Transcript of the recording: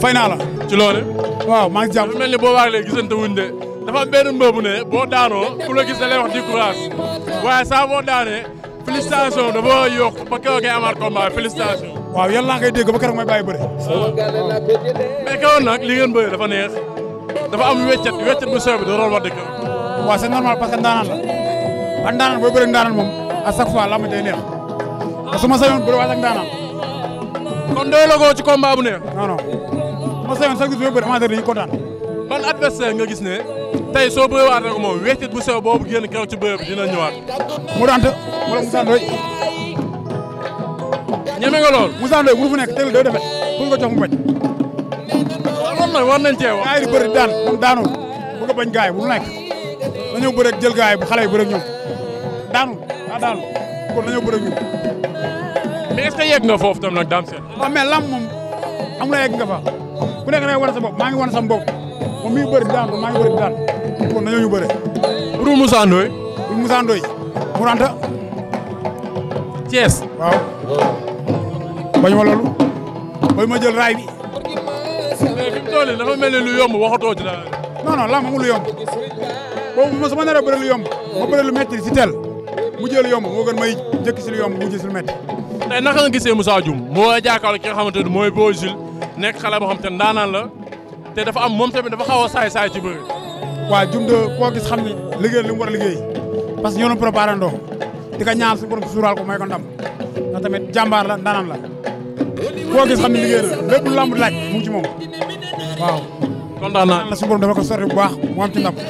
fay naa la. ci loolu. waaw maa ngi jàpp mel ni boo waxee léegi gisante wuñ de dafa am benn mbëbu ne boo daanoo ku la gis da lay wax di courage waaye saa boo daanee félicitation dafa yokk ba kaw ngay amaat combat waaw yàlla naa koy dégg ba keroog may bàyyi bëri. mais kawoon dafa neex dafa am weccet weccet bu sew bi da doon wax dëgg. waaw c'est ndaanaan la ndaanaan booy bëri ndaanaan moom à chaque fois lamb day neex te su ma sañoon la ko ci ma sañoon chaque jour bi bëri amateur dañuy kontaan. ban adversaire nga gis ne tey soo bëree waat moom wéccit bu sew boobu génn keroog ci bërëb dina ñëwaat. mu dante wala Moussa Ndoye. ñeme nga lool. Moussa Ndoye mënu fu nekk teel a doy defet pour nga jox mu bañ. Ah, loolu nag war nañ cee wax. gars yi di bëri daan moom daanul bu nga bañ gars yi bu nekk dañoo bëri jël gars yi bu xale yi ñoom daanul ah daanul kon dañoo bëri ak ñoom. mais nga foofu tam nag Dame Sène. lam moom. am la yegg nga fa ku nekk na wane sa maa ngi wane sa bopp moom mi ngi bëri daan maa ngi bëri daan kon nañoo waaw. bañ ma loolu. bañ ma jël raay bi. mais fi mu toll dafa mel ni lu yomb waxatoo ci dara. non non laa moom lu yomb boobu ma ma naree bëri lu ma bëri lu métti mu jël yomb moo gën may. njëkk si lu yomb mujj si lu métti tey naka nga gisee Moussa Dioum moo jàkkaarloo ki nga xamante ne mooy Boy Jules nekk xale boo xam te ndaanaan la te dafa am moom tamit dafa xaw a saay saay ci bëri waaw Dioum de koo gis xam ne liggéey li mu war a liggéey parce que ñoo doon préparé ndoo di ko ñaan suñu borom suuraal ko may ko ndam ndax tamit la ndaanaan la koo gis xam ne liggéey la lépp lu lamb laaj mu ngi ci moom waaw kontaan naa la suñu dafa ko sori bu baax mu